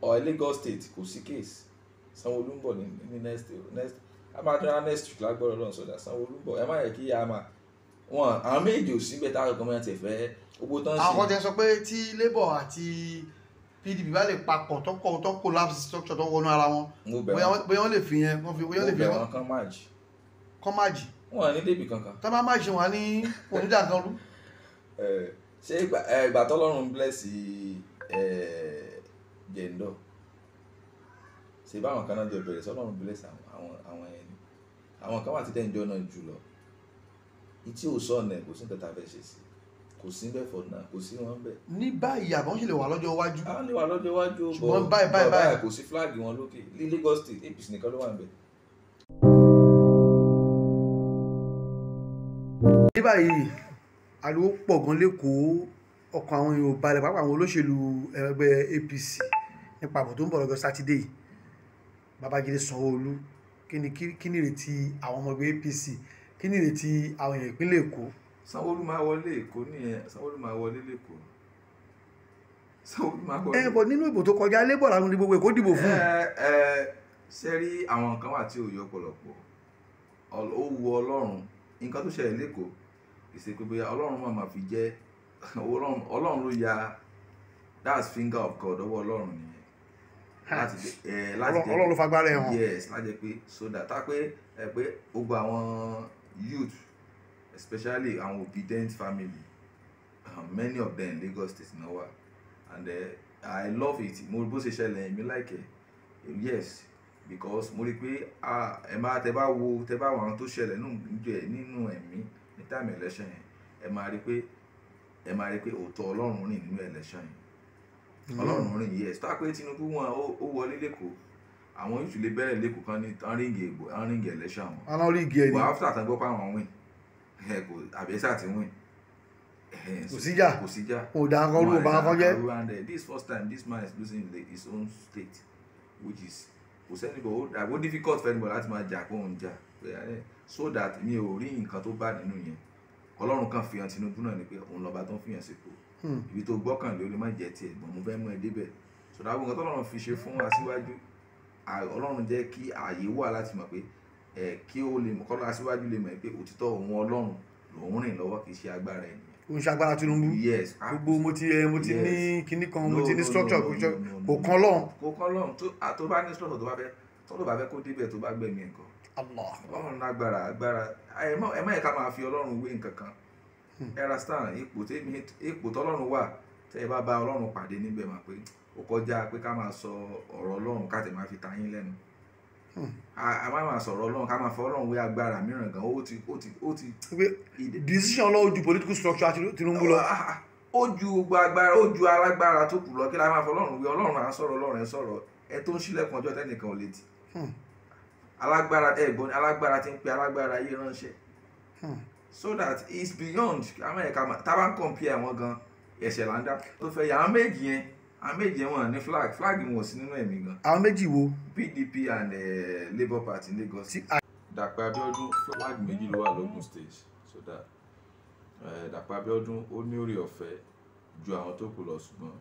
or Lagos state kò sí case Sanwó-Olú ń bọ̀ ní next next a máa dúró next week lágbọ́dọ̀ lọ́nà sọ̀dà Sanwó-Olú ń bọ̀ ẹ má yẹ kí a máa wọn àwọn méjì ò síbẹ̀ tá a kọ̀ọ̀kan máa tẹ̀ fẹ́ owó tán sí. àwọn tẹ sọ pé tí labour àti PDP bá lè papọ̀ tọkọ tó collapse structure tó wọnú ara wọn bóyá wọn lè fi yẹn wọn fi bóyá wọn lè fi yẹn. mo bẹ̀ wọn kán máàjì. kán máàjì. wọn à ní débi kankan. tá a bá máàjì wọn á ní onídàá kan rú. Eh, ṣé eh, ìgbà tọ́lọ́run bless eh, jẹ̀ńdọ̀ ṣe báwọn kan náà jọ bẹ̀rẹ̀ sọ́lọ́run bless àwọn àwọn ẹni àwọn kan wà tí dẹ́njọ́ náà jù lọ ìtí ò sọ ọ̀nà kò sí nǹkan tá a fẹ́ ṣe sí kò sí bẹ́ẹ̀ fọ̀ náà kò sí wọn bẹ́ẹ̀. ní báyìí àbọ̀ ṣe lè wà lọ́jọ́ iwájú. àwọn lè wà lọ́jọ́ iwájú o ṣùgbọ́n báyìí báyìí báyìí kò sí flag wọn lókè ní Lagos State APC nìkan ló wà níbẹ̀. ní báyìí ariwo pọ̀ gan lẹ́kọ̀ọ́ ọkàn àwọn èèyàn ò balẹ̀ pàápàá àwọn olóṣèlú ẹgbẹ́ APC nípa àbọ̀ tó ń bọ̀ lọ́jọ́ sátidé yìí babájídé sanwóolu kí ni ìrètí àwọn ọmọ ẹgbẹ́ apc kí ni ìrètí àwọn èèyàn ìpínlẹ̀ èkó. sanwóolu máa wọlé èkó nìyẹn sanwóolu máa wọlé lẹ́kọ̀ọ́ sanwóolu máa wọlé. ẹ bọ nínú ìbò tó kọjá labour làwọn gbogbo èkó dìbò fún. ẹ ẹ ṣe rí àwọn nǹkan wà tí ò yọ ọ̀pọ̀lọpọ̀ ó wu ọlọ́run nǹkan tó ṣẹlẹ̀ lẹ́kọ̀ọ́ ìṣe bóyá ọlọ́run máa máa fi jẹ́ ọlọ́run ló ya that's finger of God ọwọ́ ọlọ́run nìyẹn láti ẹ láti jẹ ọlọ́run ló fagbára ẹ̀ hàn yes láti jẹ pé so that tá pé ẹ pé gbogbo àwọn youth especially àwọn obedient family um, many of them Lagos state náà wà and uh, I love it mo bó ṣe ṣẹlẹ̀ èmi láìkẹ́ yes because mo rí i pé ẹ máa tẹ bá wo tẹ bá wọn tó ṣẹlẹ̀ nínú ẹ̀mí ní time election yẹn ẹ máa rí i pé ẹ máa rí pé òótọ́ ọlọ́run rìn nínú election yẹn Mm. ọlọ́run rìn yẹ sítá pé Tinubu wọn ó wọlé lẹ́kọ̀ọ́ àwọn yóò tún lè bẹ̀rẹ̀ lẹ́kọ̀ọ́ kan ní arìngì ègbò arìngì ẹ̀lẹ́ṣà wọn. arìngì ẹni wà áfítà tán gbọ́ pé àwọn win kò àbẹ́sà ti win. kò síjà kò síjà kò dáa kọ́ ló bá kọ́ jẹ́. this first time this man is losing his own state which is kò sẹ́nibọ̀ ó dàgbó difficult fẹ́nibọ̀ láti máa jà kó òun jà so that mi ò rí nǹkan tó bá nínú yẹn ọlọ́run kan fi hàn Tinubu náà ni pé òun lọ́ba tó ń fi hàn sípò Hmm. ibi tó gbọ́kànlé ó lè má jẹ́ ti ẹ̀gbọ́n mo fẹ́ mú ẹ débẹ̀ sọ̀dọ̀ àwọn nǹkan tọ́lọ́run fi ṣe fún aṣíwájú ọlọ́run jẹ́ kí ààyè wà láti mọ̀ pé ẹ kí ó lè mọ̀ kọ́lọ́ aṣíwájú lè mọ̀ pé òtítọ́ òun ọlọ́run lòun rìn lọ́wọ́ kì í ṣe agbára ẹ̀ o ń ṣagbára Tinubu gbogbo mo ti mo ti ní kinní kan mo ti ní structure kò kán lọ́hùn. kò kán lọ́hùn tó bá ní structure tó bá fẹ́ tọ́lọ́ bá fẹ́ kó débẹ̀ tó bá gbẹ̀mí ẹ̀kọ́. ọlọ́run lágbára agbára ẹ má yẹ ká máa fi ọlọ́run wé nǹkan kan erastan ipò tèmi ipò tọ́lọ́run wà tẹ́ ẹ bá bá ọlọ́run pàdé níbẹ̀ mà pé ó kọjá pé ká máa sọ ọ̀rọ̀ ọlọ́run ká tẹ̀ máa fi ta yín lẹ́nu a máa máa sọ̀rọ̀ ọlọ́run ká máa fọ ọlọ́run wé agbára mìíràn gan ó ti ó ti ó ti. decision ọlọ́run ju political structure àti Tinubu lọ. Ah, ah, ah, ó ju gbogbo agbára ó ju alágbára tó kù lọ kí la máa fọ ọlọ́run wé ọlọ́run à ń sọ̀rọ̀ ọlọ́run ẹ̀ sọ̀rọ̀ ẹ tó ń ṣílẹ̀kùn ọjọ́ tẹ́nìkan ò lè tì. Hmm. alágbára ẹ alágbára ti ń pe alágbára ayé ránṣẹ́. Hmm so that it's beyond amẹ́ríkà tábà ń compare wọn gan ẹ̀sẹ̀ láńdá tó fẹ́ yà á méjì yẹn àwọn méjì wọn ní flag flag wọn sí nínú ẹ̀mí gan. àwọn méjì wo. pdp and uh, labour party lagos. dàpẹ́ abíọ́dún flag méjì ló wà lógun stage so that uh, eh, dàpẹ́ abíọ́dún ó ní orí ọ̀fẹ́ ju àwọn tó kù lọ ṣùgbọ́n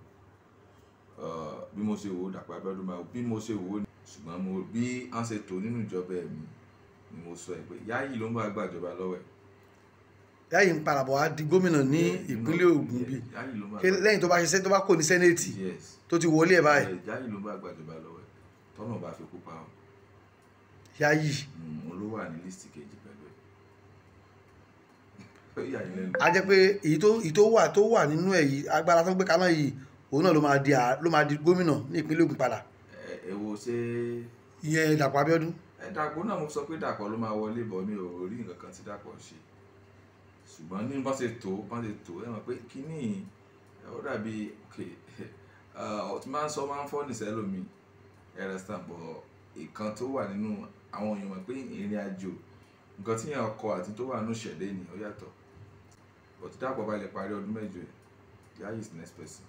eh, bí mo ṣe wò ó dàpẹ́ abíọ́dún máa bí mo ṣe wò ó ṣùgbọ́n bí wọ́n ṣe tò nínú ìjọba ẹ̀mí ni mo sọ ẹ̀ pé yáyì ló ń bá gbàjọba lọ́wọ́ ẹ̀ yáyì ń parabọ̀ á di gómìnà ní ìpínlẹ̀ Ògùn bí lẹ́yìn tó bá ṣiṣẹ́ tó bá kò ní sẹ́nẹ́tì tó ti wọlé ẹ̀ báyìí. yáyì ló bá gbàjọba lọ́wọ́ ẹ̀ tọ́nà bá fi kú pa ọ́. yáyì. mo mm, ló wà ní lísìtì kejì pẹ̀lú ẹ̀. a jẹ́ pé èyí tó wà tó wà nínú ẹ̀ yìí agbára tó ń gbé kaná yìí òun náà ló máa di gómìnà ní ìpínlẹ̀ Ògùn padà. ẹ ìyẹn Dàpọ̀ Abíọ́dún. Dàpọ̀ náà mo sọ pé Dàpọ̀ ló máa wọlé bọ̀ mi ò rí nǹkan kan tí Dàpọ̀ ṣe ṣùgbọ́n ní bá ṣe tó bá ṣe tó ẹ mọ̀ pé kínní ó dàbí ọtí uh, máa ń sọ máa ń fọ́ nìṣẹ́ lómi ẹ̀rọ sàbọ̀ ìkan tó wà nínú àwọn èèyàn mọ̀ pé ìrìn àjò nǹkan tí yàn ọkọ àti tó wà nínú ìṣẹ̀lẹ̀ ni ó yàtọ̀ ọtí dàpọ̀ balẹ̀ parí ọdún mẹ́jọ ẹ̀ the highest next person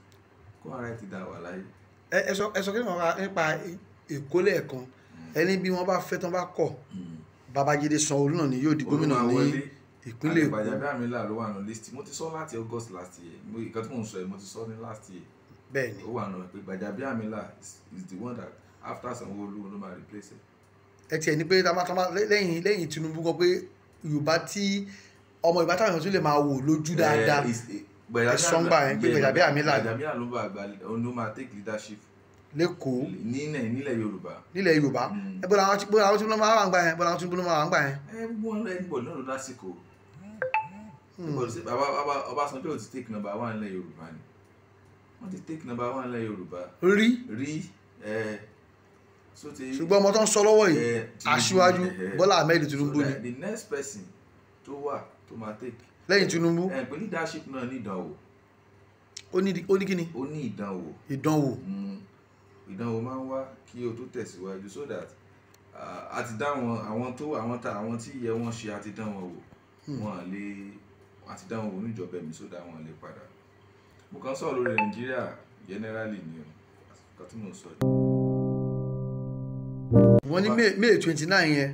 kó ara ẹ ti dà wà láyé. ẹ sọ kí ni wọn bá nípa ìkólé ẹ̀kan hmm. ẹni bí wọ́n bá fẹ́ tán bá kọ̀ hmm. babájídé sanwó-olú náà ni yóò di gómìnà ní ìpínlẹ̀ Èkó àlèbàjá bí àmì là ló wà nù list mo ti sọ láti August last year nǹkan tí mò ń sọ yìí mo ti sọ ní last year bẹ́ẹ̀ni ó wà nù pé Gbajabiamila is the one that after Sanwó-Olú ló máa replace it. ẹ tiẹ̀ ní pé lẹ́yìn lẹ́yìn Tinubu kọ pé Yorùbá tí ọmọ Yorùbá táwọn èèyàn tún lè máa wò lójú eh, dáadáa eh, ẹ̀sọ́ngbà ẹ̀ pé Gbajabiamila Gbajabiamila ló bá àgbà ló máa take leadership lẹ́kọ̀ọ́ nílẹ̀ nílẹ̀ yorùbá nílẹ̀ yorùbá mm. ẹ bọ́lá àwọn tí wọ́n máa wà ń gbà yẹn bọ́lá àwọn tí wọ́n máa wà ń gbà yẹn. ẹ eh, gbọ́n lẹ́yìn bọ̀ lọ́dún lásìkò because baba baba Ọbásanjọ́ ti take number one lẹ́ Yorùbá ni wọ́n ti take number one lẹ́ Yorùbá. rí rí ẹ ṣùgbọ́n ọmọ tó ń sọ lọ́wọ́ yìí aṣíwájú Bọ́lá Ahmed Tinubu ni. the next person tó wà tó máa take. lẹ́yìn Tinubu. ẹ pé leadership náà ní ìdánwò. ó ní kíni. ó ní ìdánwò. ìdánwò. Hmm. ìdánwò máa ń wá kí o tó tẹ̀síwájú so that àti dá àwọn tó àwọn tá àwọn tí yẹ wọ́n ṣe àti dá wọn wò hmm. wọ́n lè àti dáwọn oníjọba ẹ̀mí sódà wọn lè padà mo kàn sọ̀rọ̀ lórí nàìjíríà generally ni o kàtúmọ̀ sọ. wọ́n ní may twenty nine yẹn